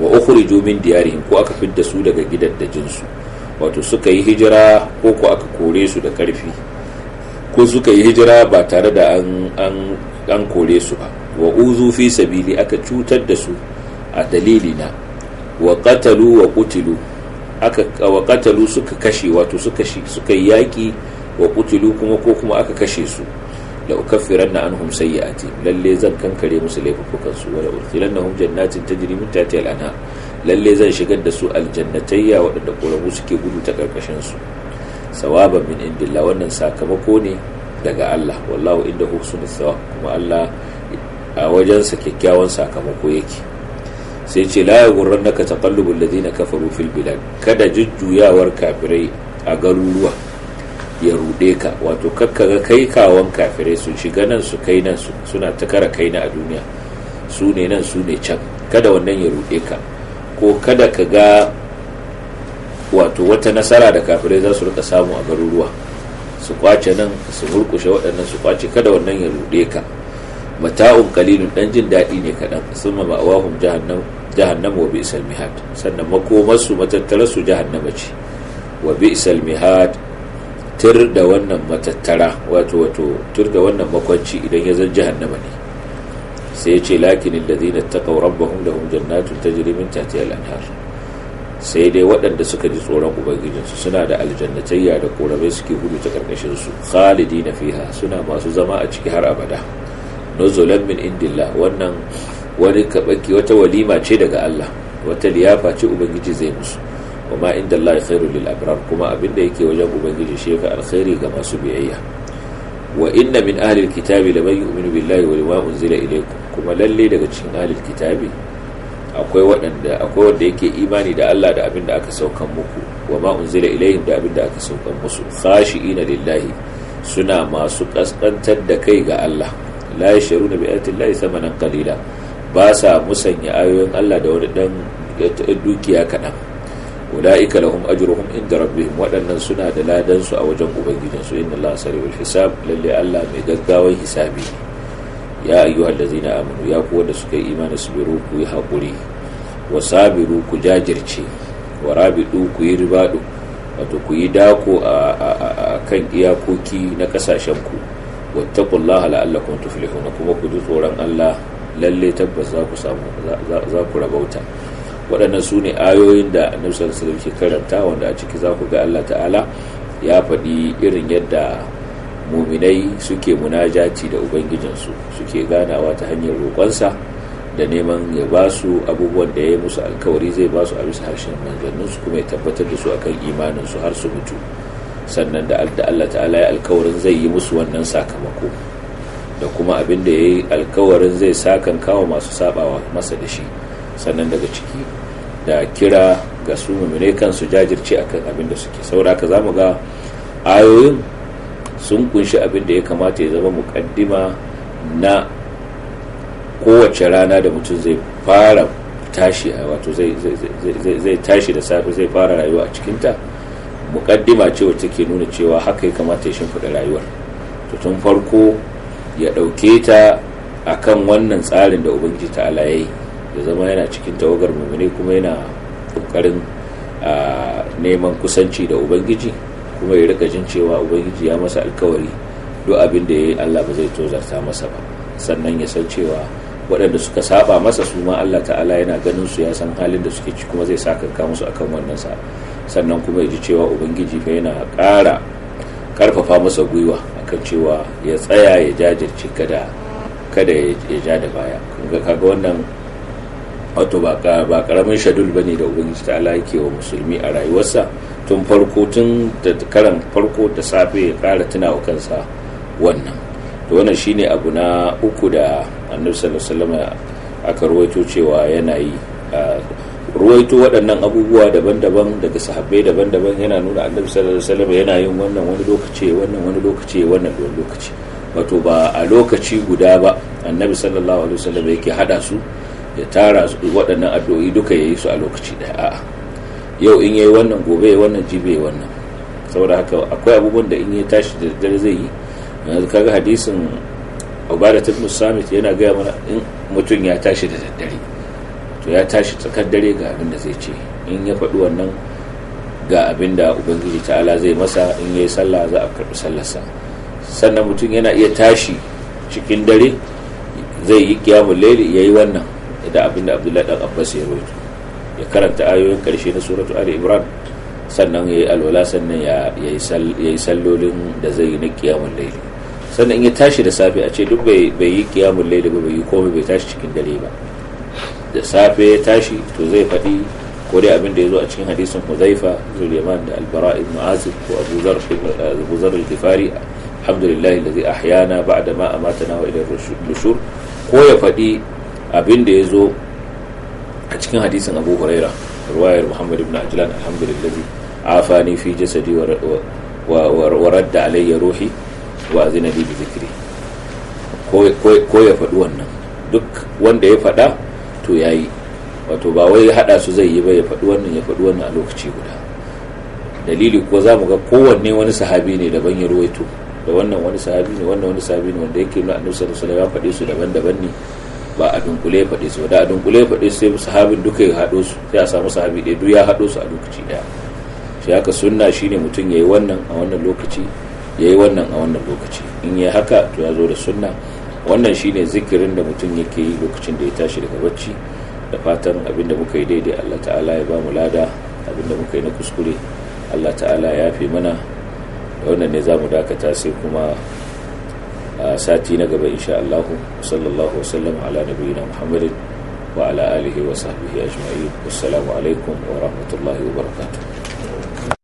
wa ukhriju min diyarihim ko aka fidda su daga gidaddajin su wato suka yi hijira ko ko aka kore su da karfi ko suka yi hijira ba tare da an an an kore su ba wa uzu fi sabili aka cutar da su a dalilina wa qatalu wa qutilu aka wa qatalu suka kashe wato suka suka yaki wa qutilu kuma ko kuma aka kashe su la ukaffiranna anhum sayyi'ati lalle zan kankare musu laifukan su wa la ursilannahum jannatin tajri min tahtiha al-anhar lalle zan shigar da su aljannatayya waɗanda ƙoramu suke gudu ta karkashin su sawaban min indillah wannan sakamako ne daga Allah wallahu inda husnul thawab kuma Allah a wajen sa kyakkyawan sakamako yake sai ce la yaghurrannaka taqallubul ladina kafaru fil bilad kada jujjuyawar kafirai a garuruwa ya ruɗe ka wato kakkaga kai kawon kafirai sun shiga nan su kai nan suna ta kara kai na a duniya su ne nan su ne can kada wannan ya ruɗe ka ko kada ka ga wato wata nasara da kafirai za su rika samu a garuruwa su kwace nan su murkushe waɗannan su kwace kada wannan ya ruɗe ka mata'un kalilun dan jin daɗi ne kaɗan sun ma ma'awahum jahannam jahannam wa bi'sal sannan makomarsu matattalarsu jahannama ce wa bi'sal tur da wannan matattara wato wato tur da wannan makwanci idan ya zan jahannama ne sai ya ce da alladhina taqaw rabbahum lahum jannatun ta min ta al-anhar sai dai waɗanda suka ji tsoron ubangijinsu suna da aljannatayya da korabai suke gudu ta karkashin su na fiha suna masu zama a ciki har abada nuzulan min indillah wannan wani kabaki wata walima ce daga Allah wata liyafa ce ubangiji zai musu wa ma inda Allah khairu lil abrar kuma abinda yake wajen ubangiji shi ka alkhairi ga masu biyayya wa inna min ahli alkitabi laman yu'minu billahi wa lima unzila ilaykum kuma lalle daga cikin ahli alkitabi akwai waɗanda akwai wanda yake imani da Allah da abinda aka saukan muku wa ma unzila ilayhim da abinda aka saukan musu khashi'ina lillahi suna masu kaskantar da kai ga Allah la yashruna bi ayati llahi samanan qalila ba sa musanya ayoyin Allah da wani dan dukiya kaɗan ulaika lahum ajruhum inda rabbihim waɗannan suna da ladan su a wajen ubangijin su inna allaha sari'ul hisab lalle allah mai gaggawan hisabi ya ayyuhal ladzina amanu ya ku wanda suka yi imani subiru ku yi haƙuri wa sabiru ku jajirce wa rabidu ku yi ribadu wato ku yi dako a kan iyakoki na kasashen ku wattaqullaha la'allakum tuflihuna kuma ku ji tsoron allah lalle tabbas za ku samu za ku rabauta waɗannan su ne ayoyin da annabi su ke karanta wanda a ciki za ku ga Allah ta'ala ya faɗi irin yadda muminai suke munajaci da ubangijinsu suke ganawa ta hanyar roƙonsa da neman ya ba su abubuwan da ya yi musu alkawari zai ba su a bisa harshen manzanninsu kuma ya tabbatar da su akan imaninsu har su mutu sannan da Allah ta'ala ya alkawarin zai yi musu wannan sakamako da kuma abin da ya yi alkawarin zai sakan kawo masu sabawa masa da shi sannan daga ciki da kira ga su mummune kansu jajirce akan abin da suke saboda za mu ga ayoyin sun kunshi abin da ya kamata ya zama mukaddima na kowace rana da mutum zai fara tashi a wato zai tashi da safe zai fara rayuwa a cikinta mukaddima ce wacce ke nuna cewa haka ya kamata ya shimfiɗa rayuwar to tun farko ya ɗauke ta a kan wannan tsarin da ubangiji ta alayayi ya zama yana cikin tawagar mummune kuma yana kokarin neman kusanci da ubangiji kuma ya rika jin cewa ubangiji ya masa alkawari duk abin da ya yi allah ba zai tozarta masa ba sannan ya san cewa waɗanda suka saba masa su ma allah ta'ala yana ganin su ya san halin da suke ci kuma zai sa kanka musu akan wannan sa sannan kuma ya ji cewa ubangiji fa yana ƙara ƙarfafa masa gwiwa akan cewa ya tsaya ya jajirce kada kada ya ja da baya kaga wannan wato ba karamin shadul ba ne da ubangiji ta ala yake wa musulmi a rayuwarsa tun farko tun da karan farko da safe ya kara tuna wa kansa wannan to wannan shine abu na uku da annabi sallallahu alaihi wasallam aka ruwaito cewa yana yi ruwaito waɗannan abubuwa daban-daban daga sahabbai daban-daban yana nuna annabi sallallahu alaihi wasallam yana yin wannan wani lokaci wannan wani lokaci wannan wani lokaci wato ba a lokaci guda ba annabi sallallahu alaihi wasallam yake hada su ya tara su waɗannan addu'o'i duka ya yi su a lokaci ɗaya a'a yau in yayi wannan gobe ya wannan jibe ya wannan saboda haka akwai abubuwan da in ya tashi da daddare zai yi yanzu kaga hadisin ubada ibn samit yana gaya mana in mutum ya tashi da daddare to ya tashi tsakar dare ga abin da zai ce in ya faɗi wannan ga abin da ubangiji ta'ala zai masa in yayi sallah za a karɓi sallarsa sannan mutum yana iya tashi cikin dare zai yi kiyamun laili ya yi wannan da abin da abdullahi dan abbas ya rawaito ya karanta ayoyin karshe na suratu ali imran sannan ya yi alwala sannan ya yi sallolin da zai yi na kiyamun laili sannan in ya tashi da safe a ce duk bai yi kiyamun laili ba bai yi komai bai tashi cikin dare ba da safe ya tashi to zai faɗi ko dai abin da ya zo a cikin hadisin huzaifa zulaiman da albara ibn azib ko abu zar al-ghifari alhamdulillah alladhi ahyana ba'da ma amatana wa idan nushur ko ya faɗi abin da ya zo a cikin hadisin abu huraira ruwayar muhammad ibn ajlan alhamdulillahi afani fi jasadi wa radda alayya ruhi wa zina bi zikri ko ya faɗi wannan duk wanda ya faɗa to ya yi. wato ba wai ya haɗa su zai yi ba ya faɗi wannan ya faɗi wannan a lokaci guda dalili ko za mu ga kowanne wani sahabi ne daban ya ruwaito da wannan wani sahabi ne wannan wani sahabi ne wanda yake nuna annabi sallallahu alaihi wasallam ya faɗe su daban-daban ne ba a dunkule faɗi su da a dunkule faɗe sai sahabin duka ya haɗo su sai a samu sahabi ɗaya duk ya haɗo su a lokaci ɗaya shi haka sunna shine mutum ya yi wannan a wannan lokaci yayi wannan a wannan lokaci in yayi haka to ya zo da sunna wannan shine zikirin da mutum yake yi lokacin da ya tashi daga bacci da fatan abinda muka yi daidai Allah ta'ala ya ba mu lada abinda muka yi na kuskure Allah ta'ala ya fi mana da wannan ne za mu dakata sai kuma a sati na gaba insha Allah sallallahu wasallam ala nabiyina Muhammadin wa ala alihi wa sahbihi ajma'in assalamu alaikum wa rahmatullahi wa barakatuh